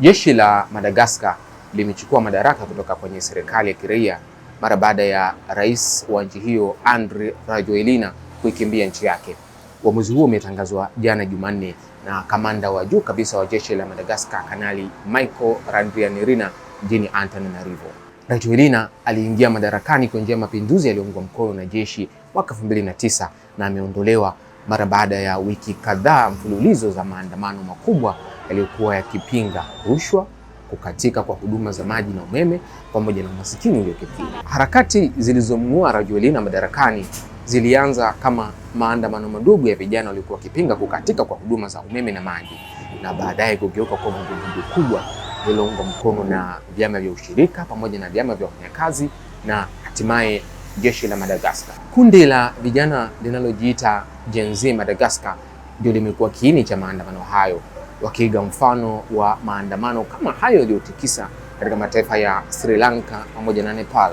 Jeshi la Madagaskar limechukua madaraka kutoka kwenye serikali ya kiraia mara baada ya rais wa nchi hiyo Andry Rajoelina kuikimbia nchi yake. Uamuzi huo umetangazwa jana Jumanne na kamanda wa juu kabisa wa jeshi la Madagaskar, Kanali Michael Randrianirina mjini Antananarivo. Rajoelina aliingia madarakani kwa njia ya mapinduzi yaliyoungwa mkono na jeshi mwaka 2009 na ameondolewa mara baada ya wiki kadhaa mfululizo za maandamano makubwa yaliyokuwa yakipinga rushwa, kukatika kwa huduma za maji na umeme, pamoja na umasikini uliokithiri. Harakati zilizomng'oa Rajoelina madarakani zilianza kama maandamano madogo ya vijana waliokuwa wakipinga kukatika kwa huduma za umeme na maji, na baadaye kugeuka kwa vuguvugu kubwa lililoungwa mkono na vyama vya ushirika pamoja na vyama vya wafanyakazi na hatimaye jeshi la Madagascar. Kundi la vijana linalojiita Gen Z Madagascar ndio limekuwa kiini cha maandamano hayo, wakiiga mfano wa maandamano kama hayo yaliyotikisa katika mataifa ya Sri Lanka pamoja na Nepal.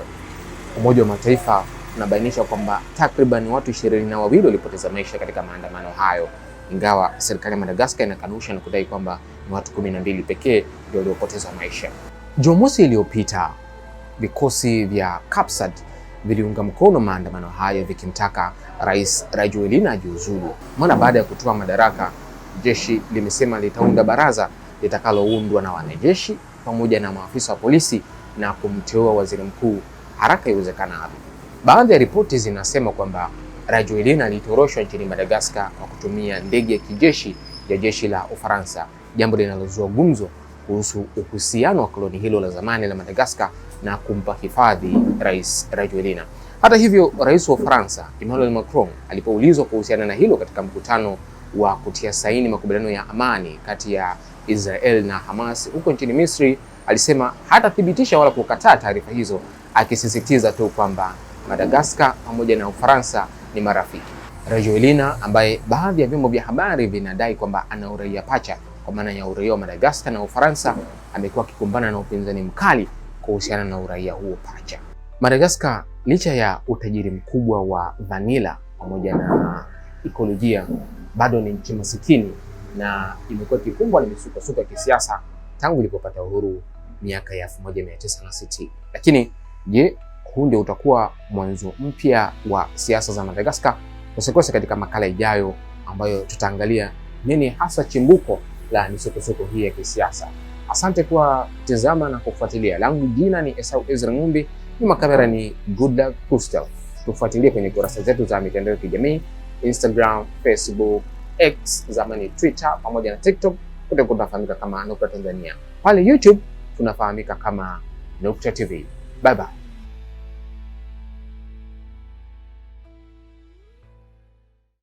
Umoja wa Mataifa unabainisha kwamba takriban watu ishirini na wawili walipoteza maisha katika maandamano hayo, ingawa serikali ya Madagascar inakanusha na kudai kwamba ni watu kumi na mbili pekee ndio waliopoteza maisha. Jumamosi iliyopita vikosi vya Kapsat viliunga mkono maandamano hayo vikimtaka Rais Rajoelina ajiuzulu. Mara baada ya kutoa madaraka, jeshi limesema litaunda baraza litakaloundwa na wanajeshi pamoja na maafisa wa polisi na kumteua waziri mkuu haraka iwezekanavyo. Baadhi ya ripoti zinasema kwamba Rajoelina alitoroshwa nchini Madagascar kwa kutumia ndege ya kijeshi ya jeshi la Ufaransa, jambo linalozua gumzo kuhusu uhusiano wa koloni hilo la zamani la Madagascar na kumpa hifadhi Rais Rajoelina. Hata hivyo, rais wa Ufaransa Emmanuel Macron alipoulizwa kuhusiana na hilo katika mkutano wa kutia saini makubaliano ya amani kati ya Israel na Hamas huko nchini Misri, alisema hatathibitisha wala kukataa taarifa hizo, akisisitiza tu kwamba Madagascar pamoja na Ufaransa ni marafiki. Rajoelina ambaye baadhi ya vyombo vya habari vinadai kwamba ana uraia pacha kwa maana ya uraia wa Madagascar na Ufaransa, amekuwa akikumbana na upinzani mkali kuhusiana na uraia huo pacha. Madagascar licha ya utajiri mkubwa wa vanila pamoja na ekolojia, bado ni nchi masikini na imekuwa ikikumbwa na misukosuko ya kisiasa tangu ilipopata uhuru miaka ya 1960. Lakini je, huu ndio utakuwa mwanzo mpya wa siasa za Madagascar? Usikose katika makala ijayo ambayo tutaangalia nini hasa chimbuko la misukosuko hii ya kisiasa. Asante kwa kutazama na kufuatilia. Langu jina ni Esau Ezra Ngumbi, nyuma kamera ni Good Kustel. Tufuatilie kwenye kurasa zetu za mitandao ya kijamii Instagram, Facebook, X zamani Twitter, pamoja na TikTok kote tunafahamika kama Nukta Tanzania. Pale YouTube tunafahamika kama Nukta TV. Bye bye.